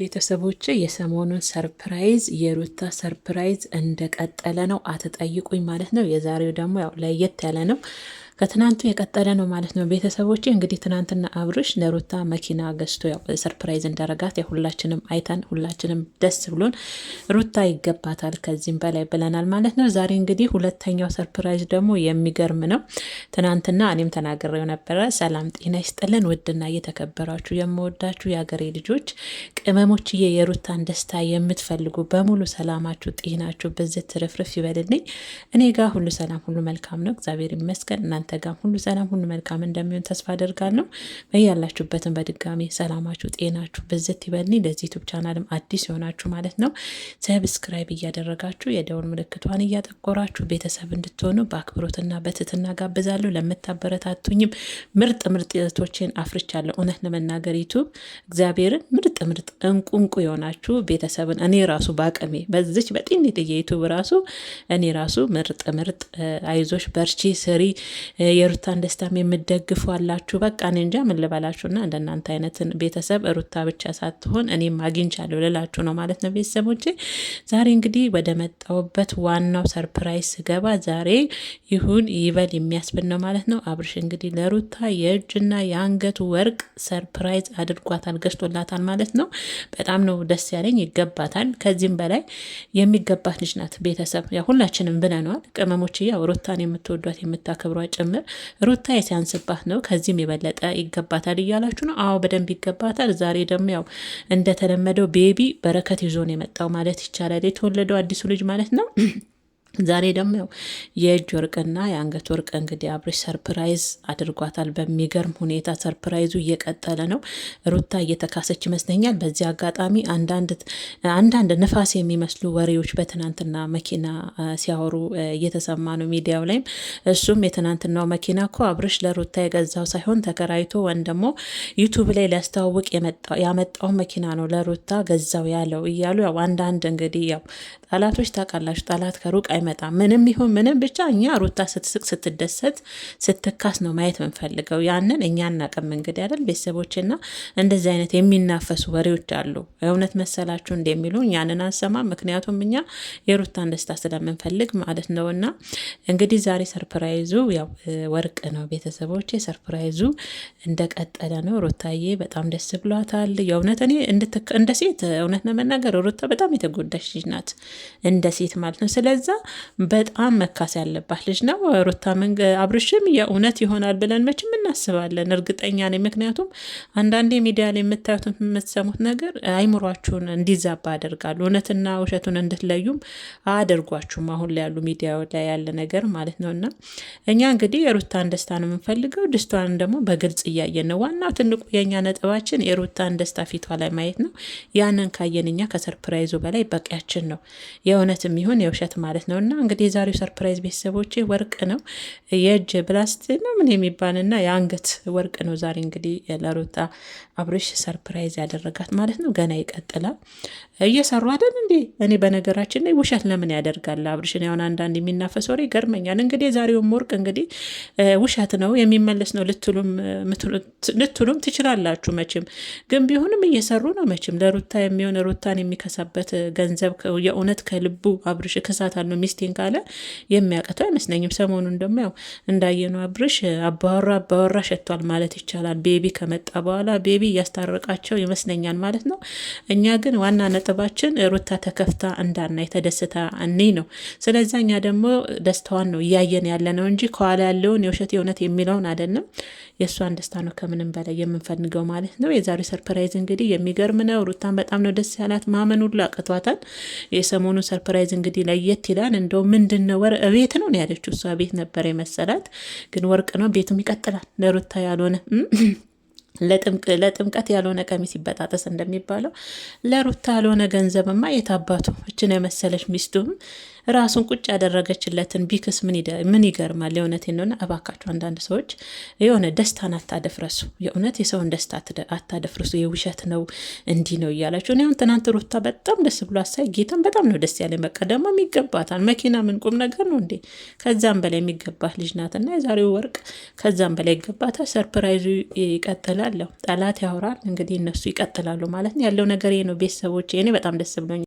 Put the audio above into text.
ቤተሰቦች የሰሞኑን ሰርፕራይዝ የሩታ ሰርፕራይዝ እንደቀጠለ ነው። አትጠይቁኝ ማለት ነው። የዛሬው ደግሞ ያው ለየት ያለ ነው። ከትናንቱ የቀጠለ ነው ማለት ነው። ቤተሰቦች እንግዲህ ትናንትና አብርሽ ለሩታ መኪና ገዝቶ ያው ሰርፕራይዝ እንዳረጋት ሁላችንም አይተን ሁላችንም ደስ ብሎን ሩታ ይገባታል ከዚህም በላይ ብለናል ማለት ነው። ዛሬ እንግዲህ ሁለተኛው ሰርፕራይዝ ደግሞ የሚገርም ነው። ትናንትና እኔም ተናግሬው ነበረ። ሰላም ጤና ይስጥልን ውድና እየተከበራችሁ የምወዳችሁ የአገሬ ልጆች ቅመሞችዬ፣ የሩታን ደስታ የምትፈልጉ በሙሉ ሰላማችሁ ጤናችሁ ብዝት ትርፍርፍ ይበልልኝ። እኔ ጋር ሁሉ ሰላም ሁሉ መልካም ነው፣ እግዚአብሔር ይመስገን። ከእናንተ ጋር ሁሉ ሰላም፣ ሁሉ መልካም እንደሚሆን ተስፋ አደርጋለሁ። በያላችሁበትን በድጋሚ ሰላማችሁ፣ ጤናችሁ በዘት ይበልኝ። ለዚህ ዩቱብ ቻናልም አዲስ የሆናችሁ ማለት ነው ሰብስክራይብ እያደረጋችሁ የደውል ምልክቷን እያጠቆራችሁ ቤተሰብ እንድትሆኑ በአክብሮትና በትትና ጋብዛለሁ። ለምታበረታቱኝም ምርጥ ምርጥ እህቶቼን አፍርቻለሁ። እውነት ለመናገር ዩቱብ እግዚአብሔርን ምርጥ ምርጥ እንቁንቁ የሆናችሁ ቤተሰብን እኔ ራሱ በአቅሜ በዚች በጢንጥዬ ዩቱብ ራሱ እኔ ራሱ ምርጥ ምርጥ አይዞሽ በርቺ ስሪ የሩታን ደስታም የምደግፉ አላችሁ። በቃ እኔ እንጃ ምን ልበላችሁ እና እንደናንተ አይነትን ቤተሰብ ሩታ ብቻ ሳትሆን እኔም አግኝቻለሁ ልላችሁ ነው ማለት ነው ቤተሰቦቼ። ዛሬ እንግዲህ ወደ መጣሁበት ዋናው ሰርፕራይዝ ስገባ ዛሬ ይሁን ይበል የሚያስብል ነው ማለት ነው። አብርሽ እንግዲህ ለሩታ የእጅና የአንገቱ ወርቅ ሰርፕራይዝ አድርጓታል፣ ገዝቶላታል ማለት ማለት ነው። በጣም ነው ደስ ያለኝ። ይገባታል። ከዚህም በላይ የሚገባት ልጅ ናት። ቤተሰብ ያው ሁላችንም ብለነዋል። ቅመሞች ያው ሩታን የምትወዷት የምታከብሯት ጭምር ሩታ የሲያንስባት ነው። ከዚህም የበለጠ ይገባታል እያላችሁ ነው። አዎ በደንብ ይገባታል። ዛሬ ደግሞ ያው እንደተለመደው ቤቢ በረከት ይዞ ነው የመጣው ማለት ይቻላል። የተወለደው አዲሱ ልጅ ማለት ነው። ዛሬ ደግሞ የእጅ ወርቅና የአንገት ወርቅ እንግዲህ አብርሽ ሰርፕራይዝ አድርጓታል። በሚገርም ሁኔታ ሰርፕራይዙ እየቀጠለ ነው። ሩታ እየተካሰች ይመስለኛል። በዚህ አጋጣሚ አንዳንድ ንፋስ የሚመስሉ ወሬዎች በትናንትና መኪና ሲያወሩ እየተሰማ ነው ሚዲያው ላይም። እሱም የትናንትናው መኪና እኮ አብርሽ ለሩታ የገዛው ሳይሆን ተከራይቶ ወይም ደግሞ ዩቱብ ላይ ሊያስተዋውቅ ያመጣው መኪና ነው ለሩታ ገዛው ያለው እያሉ ያው አንዳንድ እንግዲህ ያው ጠላቶች ታውቃላችሁ ጠላት ከሩቅ ስትመጣ ምንም ይሁን ምንም ብቻ እኛ ሩታ ስትስቅ፣ ስትደሰት፣ ስትካስ ነው ማየት የምንፈልገው። ያንን እኛ እናቅም እንግዲህ አይደል ቤተሰቦችና እንደዚህ አይነት የሚናፈሱ ወሬዎች አሉ። እውነት መሰላችሁ እንደሚሉ ያንን አንሰማ። ምክንያቱም እኛ የሩታን ደስታ ስለምንፈልግ ማለት ነው። እና እንግዲህ ዛሬ ሰርፕራይዙ ያው ወርቅ ነው ቤተሰቦች። ሰርፕራይዙ እንደቀጠለ ነው። ሩታዬ በጣም ደስ ብሏታል። የእውነት እኔ እንደ ሴት እውነት ነው መናገር ሩታ በጣም የተጎዳሽ ናት እንደ ሴት ማለት ነው። ስለዛ በጣም መካስ ያለባት ልጅ ነው። ሩታ አብርሽም የእውነት ይሆናል ብለን መቼም እናስባለን፣ እርግጠኛ ነኝ። ምክንያቱም አንዳንዴ ሚዲያ ላይ የምታዩት የምትሰሙት ነገር አይምሯችሁን እንዲዛባ ያደርጋሉ። እውነትና ውሸቱን እንድትለዩም አያደርጓችሁም። አሁን ላይ ያሉ ሚዲያ ላይ ያለ ነገር ማለት ነው። እና እኛ እንግዲህ የሩታን ደስታ ነው የምንፈልገው። ደስቷን ደግሞ በግልጽ እያየን ነው። ዋናው ትልቁ የእኛ ነጥባችን የሩታን ደስታ ፊቷ ላይ ማየት ነው። ያንን ካየን እኛ ከሰርፕራይዙ በላይ በቂያችን ነው። የእውነትም ይሁን የውሸት ማለት ነው። እና እንግዲህ የዛሬው ሰርፕራይዝ ቤተሰቦች ወርቅ ነው፣ የእጅ ብላስት ምን የሚባል እና የአንገት ወርቅ ነው። ዛሬ እንግዲህ ለሩታ አብርሽ ሰርፕራይዝ ያደረጋት ማለት ነው። ገና ይቀጥላል እየሰሩ አይደል እንዴ? እኔ በነገራችን ላይ ውሸት ለምን ያደርጋል አብርሽን? ያሁን አንዳንድ የሚናፈስ ወሬ ይገርመኛል። እንግዲህ የዛሬውም ወርቅ እንግዲህ ውሸት ነው የሚመለስ ነው ልትሉም ትችላላችሁ። መቼም ግን ቢሆንም እየሰሩ ነው። መቼም ለሩታ የሚሆን ሩታን የሚከሳበት ገንዘብ የእውነት ከልቡ አብርሽ እከሳታለሁ ሚስት ሚስቴን ካለ የሚያቀተው አይመስለኝም። ሰሞኑን ደግሞ ያው እንዳየነው አብርሽ አባወራ አባወራ ሸቷል ማለት ይቻላል። ቤቢ ከመጣ በኋላ ቤቢ እያስታረቃቸው ይመስለኛል ማለት ነው። እኛ ግን ዋና ነጥባችን ሩታ ተከፍታ እንዳና የተደስታ እኔ ነው። ስለዛ እኛ ደግሞ ደስታዋን ነው እያየን ያለ ነው እንጂ ከኋላ ያለውን የውሸት የእውነት የሚለውን አይደለም። የእሷን ደስታ ነው ከምንም በላይ የምንፈልገው ማለት ነው። የዛሬ ሰርፕራይዝ እንግዲህ የሚገርም ነው። ሩታን በጣም ነው ደስ ያላት። ማመን ሁሉ አቅቷታል። የሰሞኑ ሰርፕራይዝ እንግዲህ ለየት ይላል። ግን እንደው ምንድን ነው ወር ቤት ነው ያለችው። እሷ ቤት ነበር የመሰላት፣ ግን ወርቅ ነው። ቤቱም ይቀጥላል ለሩታ ያልሆነ ለጥምቀት ያልሆነ ቀሚስ ይበጣጠስ እንደሚባለው ለሩታ ያልሆነ ገንዘብማ የታባቱ እችን የመሰለች ሚስቱም ራሱን ቁጭ ያደረገችለትን ቢክስ ምን ይገርማል? የእውነት ነሆነ። እባካችሁ አንዳንድ ሰዎች የሆነ ደስታን አታደፍረሱ። የእውነት የሰውን ደስታ አታደፍርሱ። የውሸት ነው እንዲህ ነው እያላችሁ እኔ አሁን ትናንት ሩታ በጣም ደስ ብሎ አሳይ ጌታን በጣም ነው ደስ ያለ። በቃ ደግሞ የሚገባታል መኪና ምን ቁም ነገር ነው እንዴ? ከዛም በላይ የሚገባት ልጅ ናትና የዛሬው ወርቅ ከዛም በላይ ይገባታል። ሰርፕራይዙ ይቀጥላለሁ። ጠላት ያወራል እንግዲህ እነሱ ይቀጥላሉ ማለት ነው። ያለው ነገር ነው ቤተሰቦች፣ እኔ በጣም ደስ ብሎኛል።